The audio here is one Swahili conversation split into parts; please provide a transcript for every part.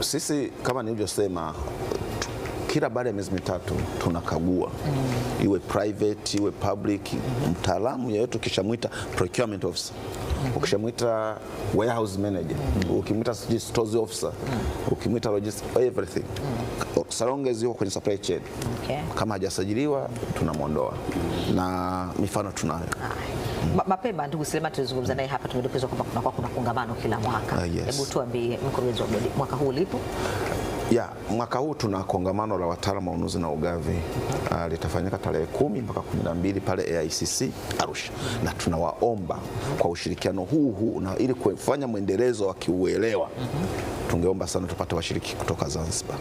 Sisi kama nilivyosema, kila baada ya miezi mitatu tunakagua mm. iwe private iwe public mm -hmm. mtaalamu yeyote kishamwita procurement officer ukishamwita warehouse manager, ukimwita stores officer, ukimwita logistics everything, mm. long as kwenye supply chain. Okay. Kama hajasajiliwa tunamwondoa na mifano tunayo. Ah, mapema ndugu Selema, tulizungumza naye hapa, tumedokezwa kwamba kunakuwa kuna kongamano kila mwaka. Ah, Hebu tuambie mkurugenzi wa bodi, mwaka huu lipo? Ya, mwaka huu tuna kongamano la wataalamu wa ununuzi na ugavi uh, litafanyika tarehe kumi mpaka kumi na mbili pale AICC Arusha, na tunawaomba kwa ushirikiano huu huu na ili kufanya mwendelezo wa kiuelewa tungeomba sana tupate washiriki kutoka Zanzibar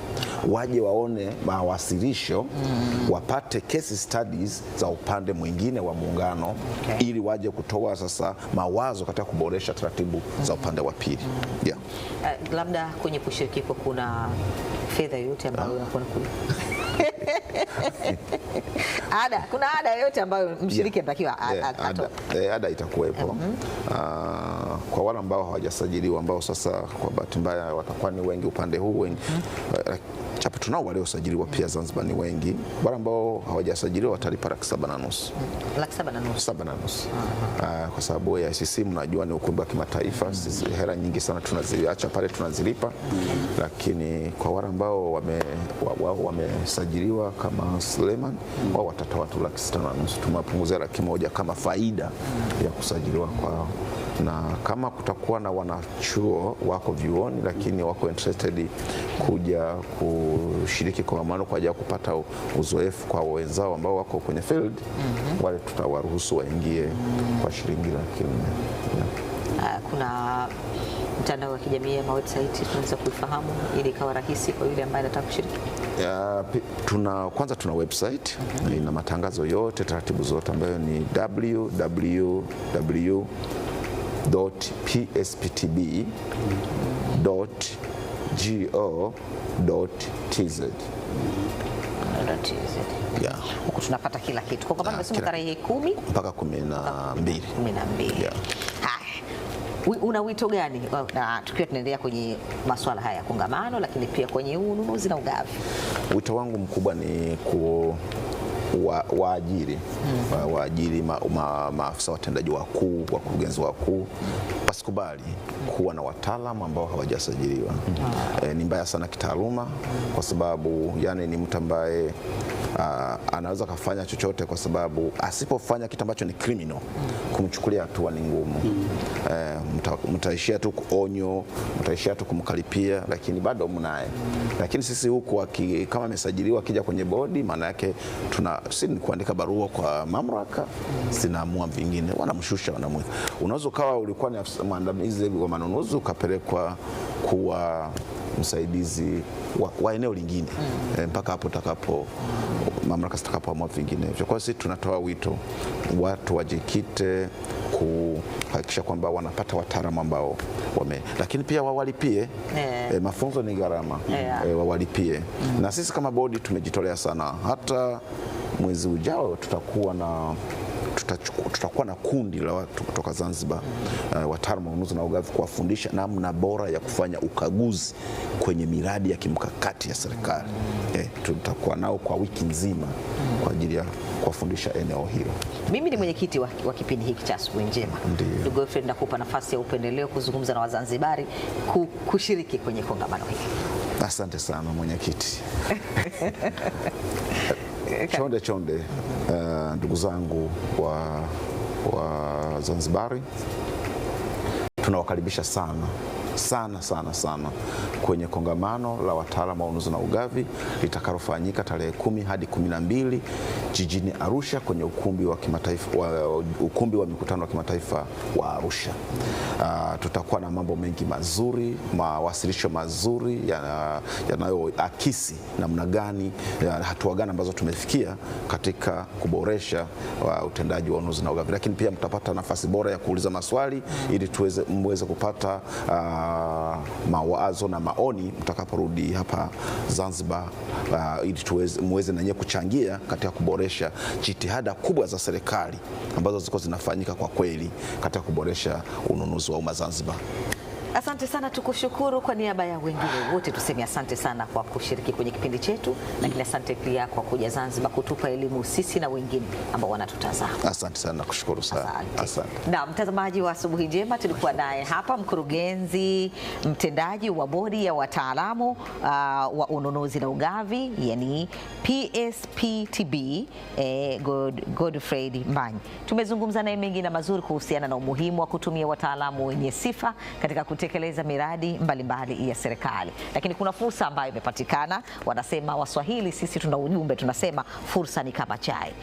waje waone mawasilisho wapate case studies za upande mwingine wa muungano okay. ili waje kutoa sasa mawazo katika kuboresha taratibu za upande wa pili yeah. Uh, labda kwenye kushiriki kuna fedha yoyote ambayo ah. unakuwa unakula ada, kuna ada yoyote ambayo mshiriki anatakiwa yeah, yeah, ada, eh, ada itakuwepo mm -hmm. uh, kwa wale ambao hawajasajiliwa ambao sasa kwa bahati mbaya watakuwa ni wengi upande huu wengi hmm. uh, chapa tunao waliosajiliwa pia Zanzibar ni wengi, wale ambao hawajasajiliwa watalipa laki saba na nusu uh-huh. ah, kwa sababu ya ICC mnajua ni ukumbi wa kimataifa. Mm-hmm. Sisi hela nyingi sana tunaziacha pale tunazilipa, mm-hmm. lakini kwa wale ambao wame wao wamesajiliwa kama Suleiman mm-hmm. wao watatoa tu laki sita na nusu, tumewapunguzia laki moja kama faida ya kusajiliwa kwao na kama kutakuwa na wanachuo wako vyuoni lakini wako interested kuja kushiriki kongamano kwa ajili ya kupata uzoefu kwa wenzao ambao wako kwenye field mm -hmm. wale tutawaruhusu waingie mm -hmm. kwa shilingi laki nne yeah. kuna mtandao wa kijamii ama website tunaweza kuifahamu ili ikawa rahisi kwa yule ambaye anataka kushiriki? tuna kwanza tuna website mm -hmm. ina matangazo yote, taratibu zote ambayo ni www www.psptb.go.tz yeah. Huku tunapata kila kitu. Kwa kwamba ah, nimesema tarehe kumi mpaka kumi na mbili. Kumi na mbili. Yeah. Una wito gani oh, na tukiwa tunaendelea kwenye masuala haya ya kongamano, lakini pia kwenye ununuzi na ugavi? Wito wangu mkubwa ni ku waajiri wa mm. waajiri wa maafisa hmm. ma, ma, watendaji wakuu wakurugenzi wakuu wasikubali kuwa na wataalamu ambao hawajasajiliwa. Mm. E, ni mbaya sana kitaaluma kwa sababu yani ni mtu ambaye uh, anaweza kafanya chochote, kwa sababu asipofanya kitu ambacho ni criminal kumchukulia hatua ni ngumu. Mm. Uh, mtaishia tu kuonyo, mtaishia tu kumkalipia lakini bado mnaye. Lakini sisi huku waki, kama amesajiliwa akija kwenye bodi, maana yake tuna si ni kuandika barua kwa mamlaka, zinaamua vingine, wanamshusha wanamweka. Unaweza ukawa ulikuwa ni maandamizi wa manunuzi ukapelekwa kuwa msaidizi wa, wa eneo lingine mm. e, mpaka hapo takapo mamlaka zitakapoamua vinginevyo. Kwa hiyo sisi tunatoa wito watu wajikite kuhakikisha kwamba wanapata wataalamu ambao wame, lakini pia wawalipie yeah. E, mafunzo ni gharama yeah. E, wawalipie mm. na sisi kama bodi tumejitolea sana hata mwezi ujao tutakuwa na tutakuwa na kundi la watu kutoka Zanzibar uh, wataalamu wa ununuzi na ugavi kuwafundisha namna bora ya kufanya ukaguzi kwenye miradi ya kimkakati ya serikali. Eh, tutakuwa nao kwa wiki nzima kwa ajili ya kuwafundisha eneo hilo. Mimi ni mwenyekiti wa, wa kipindi hiki cha Asubuhi Njema. Ndugu Godfrey, nakupa nafasi ya upendeleo kuzungumza na Wazanzibari kushiriki kwenye kongamano hili. Asante sana mwenyekiti. chonde chonde. Uh, ndugu zangu wa, wa Zanzibari tunawakaribisha sana sana sana sana kwenye kongamano la wataalamu wa ununuzi na ugavi litakalofanyika tarehe kumi hadi kumi na mbili jijini Arusha kwenye ukumbi wa kimataifa wa, ukumbi wa mikutano wa kimataifa wa Arusha. Uh, tutakuwa na mambo mengi mazuri, mawasilisho mazuri yanayoakisi ya namna gani, hatua gani ambazo tumefikia katika kuboresha wa utendaji wa ununuzi na ugavi, lakini pia mtapata nafasi bora ya kuuliza maswali ili tuweze mweze kupata uh, mawazo na maoni mtakaporudi hapa Zanzibar uh, ili muweze na nyewe kuchangia katika kuboresha jitihada kubwa za serikali ambazo ziko zinafanyika kwa kweli katika kuboresha ununuzi wa umma Zanzibar. Asante sana, tukushukuru kwa niaba ya wengine wote, tuseme asante sana kwa kushiriki kwenye kipindi chetu, lakini asante pia kwa kuja Zanzibar kutupa elimu sisi na wengine ambao wanatutazama. Asante sana, nakushukuru sana. Asante. Asante. Na mtazamaji wa Asubuhi Njema, tulikuwa naye hapa mkurugenzi mtendaji wa bodi ya wataalamu uh, wa ununuzi na ugavi, yani PSPTB, eh, God, Godfred Mbany. Tumezungumza naye mengi na mazuri kuhusiana na umuhimu wa kutumia wataalamu wenye sifa katika kutu kutekeleza miradi mbalimbali mbali ya serikali, lakini kuna fursa ambayo imepatikana. Wanasema Waswahili sisi tuna ujumbe, tunasema fursa ni kama chai.